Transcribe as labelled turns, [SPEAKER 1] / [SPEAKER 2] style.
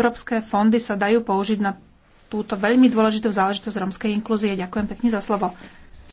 [SPEAKER 1] Európske fondy sa dajú použiť na túto veľmi dôležitú záležitosť romskej inklúzie. Ďakujem pekne za slovo.